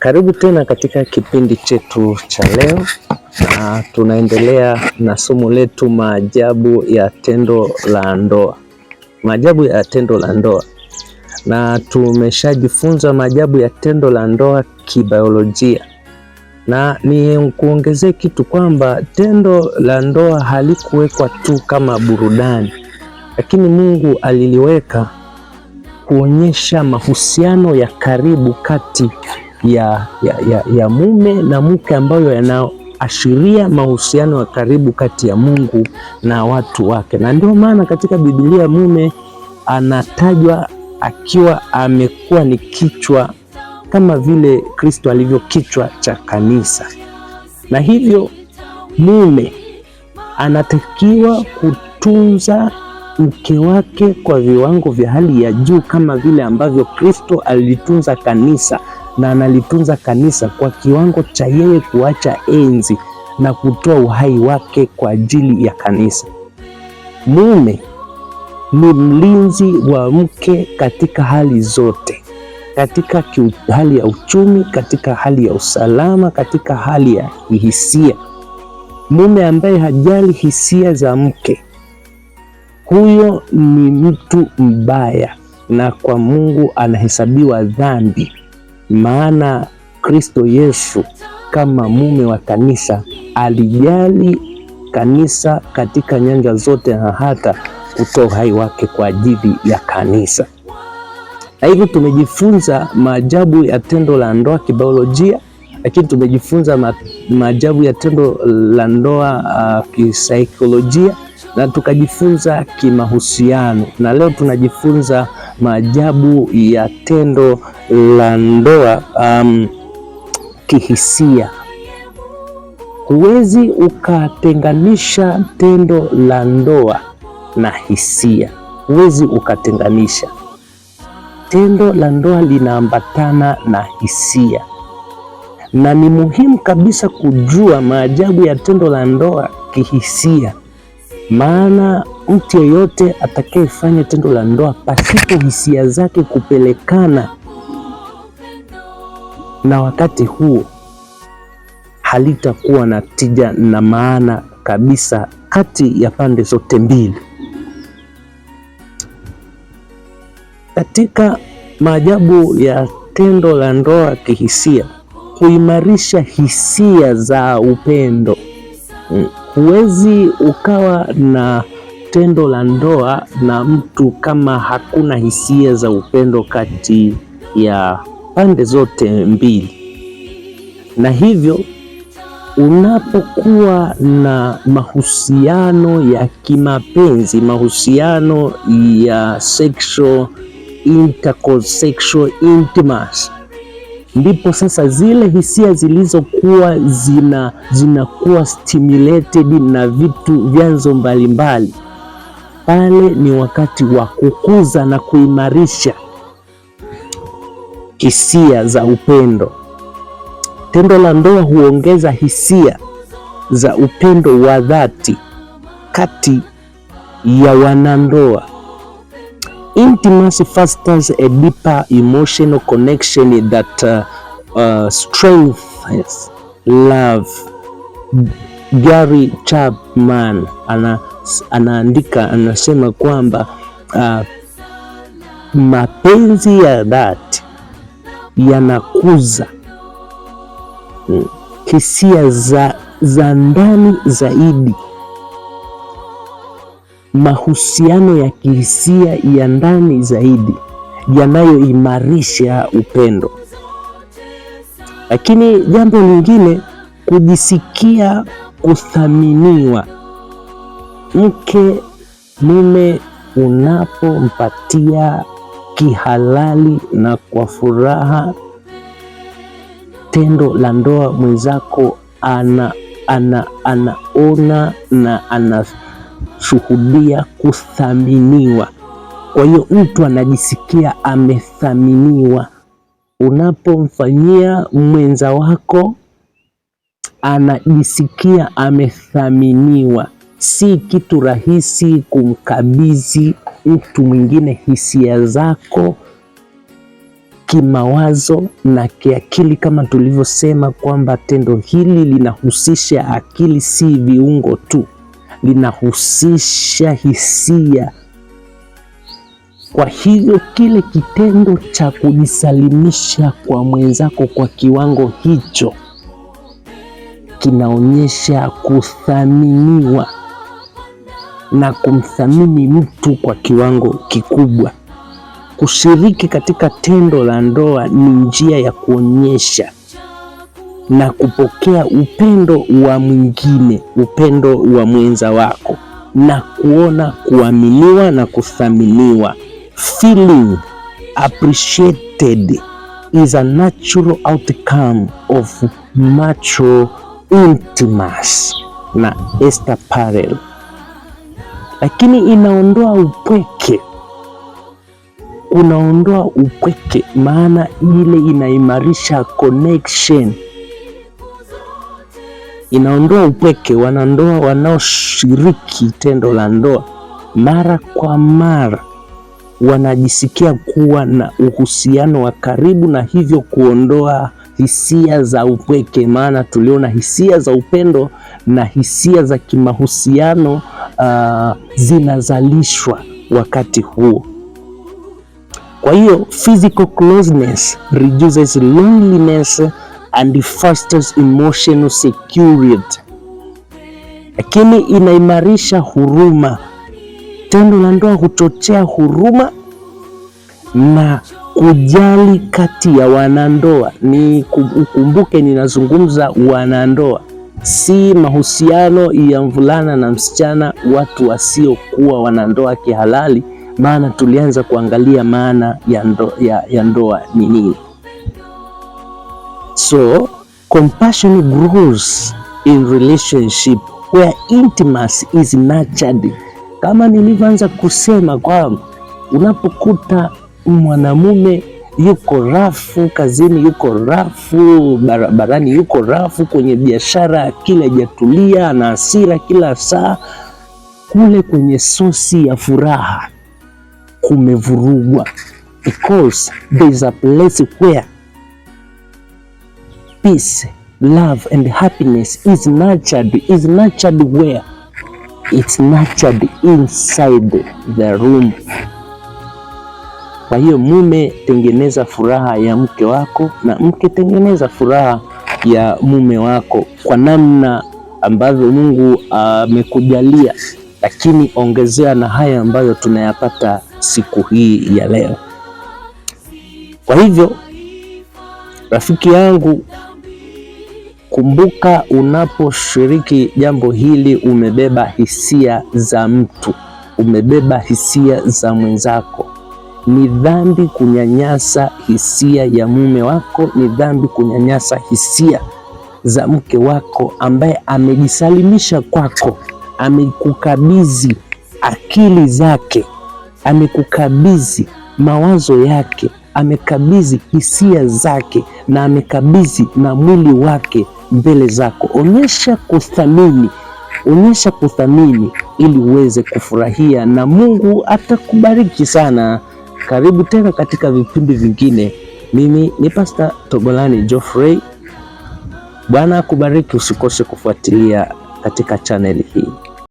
Karibu tena katika kipindi chetu cha leo, na tunaendelea na somo letu maajabu ya tendo la ndoa, maajabu ya tendo la ndoa. Na tumeshajifunza maajabu ya tendo la ndoa kibiolojia, na ni kuongezee kitu kwamba tendo la ndoa halikuwekwa tu kama burudani, lakini Mungu aliliweka kuonyesha mahusiano ya karibu kati ya, ya, ya, ya mume na mke ambayo yanaashiria mahusiano ya karibu kati ya Mungu na watu wake, na ndio maana katika Biblia mume anatajwa akiwa amekuwa ni kichwa kama vile Kristo alivyo kichwa cha kanisa, na hivyo mume anatakiwa kutunza mke wake kwa viwango vya hali ya juu kama vile ambavyo Kristo alitunza kanisa na analitunza kanisa kwa kiwango cha yeye kuacha enzi na kutoa uhai wake kwa ajili ya kanisa. Mume ni mlinzi wa mke katika hali zote, katika hali ya uchumi, katika hali ya usalama, katika hali ya hisia. Mume ambaye hajali hisia za mke, huyo ni mtu mbaya, na kwa Mungu anahesabiwa dhambi maana Kristo Yesu kama mume wa kanisa alijali kanisa katika nyanja zote na hata kutoa uhai wake kwa ajili ya kanisa. Na hivyo tumejifunza maajabu ya tendo la ndoa kibiolojia, lakini tumejifunza maajabu ya tendo la ndoa uh, kisaikolojia na tukajifunza kimahusiano, na leo tunajifunza maajabu ya tendo la ndoa um, kihisia. Huwezi ukatenganisha tendo la ndoa na hisia, huwezi ukatenganisha. Tendo la ndoa linaambatana na hisia, na ni muhimu kabisa kujua maajabu ya tendo la ndoa kihisia, maana mtu yeyote atakayefanya tendo la ndoa pasipo hisia zake kupelekana na wakati huo halitakuwa na tija na maana kabisa kati ya pande zote mbili. Katika maajabu ya tendo la ndoa kihisia, kuimarisha hisia za upendo, hmm, huwezi ukawa na tendo la ndoa na mtu kama hakuna hisia za upendo kati ya pande zote mbili, na hivyo unapokuwa na mahusiano ya kimapenzi, mahusiano ya sexual intercourse, sexual intimacy, ndipo sasa zile hisia zilizokuwa zina zinakuwa stimulated na vitu vyanzo mbalimbali mbali pale ni wakati wa kukuza na kuimarisha hisia za upendo. Tendo la ndoa huongeza hisia za upendo wa dhati kati ya wanandoa. Intimacy fosters a deeper emotional connection that uh, uh, strengthens love. Gary Chapman ana, anaandika anasema kwamba uh, mapenzi ya dhati yanakuza mm, hisia za, za ndani zaidi. Mahusiano ya kihisia ya ndani zaidi yanayoimarisha upendo. Lakini jambo lingine kujisikia kuthaminiwa. Mke mume unapompatia kihalali na kwa furaha tendo la ndoa mwenzako, ana anaona na anashuhudia kuthaminiwa. Kwa hiyo mtu anajisikia amethaminiwa unapomfanyia mwenza wako anajisikia amethaminiwa. Si kitu rahisi kumkabidhi mtu mwingine hisia zako kimawazo na kiakili, kama tulivyosema kwamba tendo hili linahusisha akili, si viungo tu, linahusisha hisia. Kwa hivyo kile kitendo cha kujisalimisha kwa mwenzako kwa kiwango hicho kinaonyesha kuthaminiwa na kumthamini mtu kwa kiwango kikubwa. Kushiriki katika tendo la ndoa ni njia ya kuonyesha na kupokea upendo wa mwingine, upendo wa mwenza wako, na kuona kuaminiwa na kuthaminiwa. Feeling appreciated is a natural outcome of mature Intimas na Esther Perel, lakini inaondoa upweke, unaondoa upweke, maana ile inaimarisha connection, inaondoa upweke. Wanandoa wanaoshiriki tendo la ndoa mara kwa mara wanajisikia kuwa na uhusiano wa karibu na hivyo kuondoa hisia za upweke, maana tuliona hisia za upendo na hisia za kimahusiano uh, zinazalishwa wakati huo. Kwa hiyo physical closeness reduces loneliness and fosters emotional security, lakini inaimarisha huruma. Tendo la ndoa huchochea huruma na kujali kati ya wanandoa. Ni ukumbuke, ninazungumza wanandoa, si mahusiano ya mvulana na msichana, watu wasiokuwa wanandoa kihalali, maana tulianza kuangalia maana ya, ndo, ya, ya ndoa ni nini. So compassion grows in relationship where intimacy is nurtured, kama nilivyoanza kusema kwamba unapokuta mwanamume yuko rafu kazini, yuko rafu barabarani, yuko rafu kwenye biashara, kila hajatulia, ana hasira kila saa. Kule kwenye sosi ya furaha kumevurugwa, because there is a place where peace, love and happiness is nurtured, is nurtured where it's nurtured inside the room. Kwa hiyo mume, tengeneza furaha ya mke wako, na mke, tengeneza furaha ya mume wako kwa namna ambavyo Mungu amekujalia, lakini ongezea na haya ambayo tunayapata siku hii ya leo. Kwa hivyo rafiki yangu, kumbuka unaposhiriki jambo hili, umebeba hisia za mtu, umebeba hisia za mwenzako. Ni dhambi kunyanyasa hisia ya mume wako, ni dhambi kunyanyasa hisia za mke wako ambaye amejisalimisha kwako, amekukabidhi akili zake, amekukabidhi mawazo yake, amekabidhi hisia zake, na amekabidhi na mwili wake mbele zako. Onyesha kuthamini, onyesha kuthamini ili uweze kufurahia, na Mungu atakubariki sana. Karibu tena katika vipindi vingine. Mimi ni Pasta Togolani Geoffrey. Bwana akubariki, usikose kufuatilia katika chaneli hii.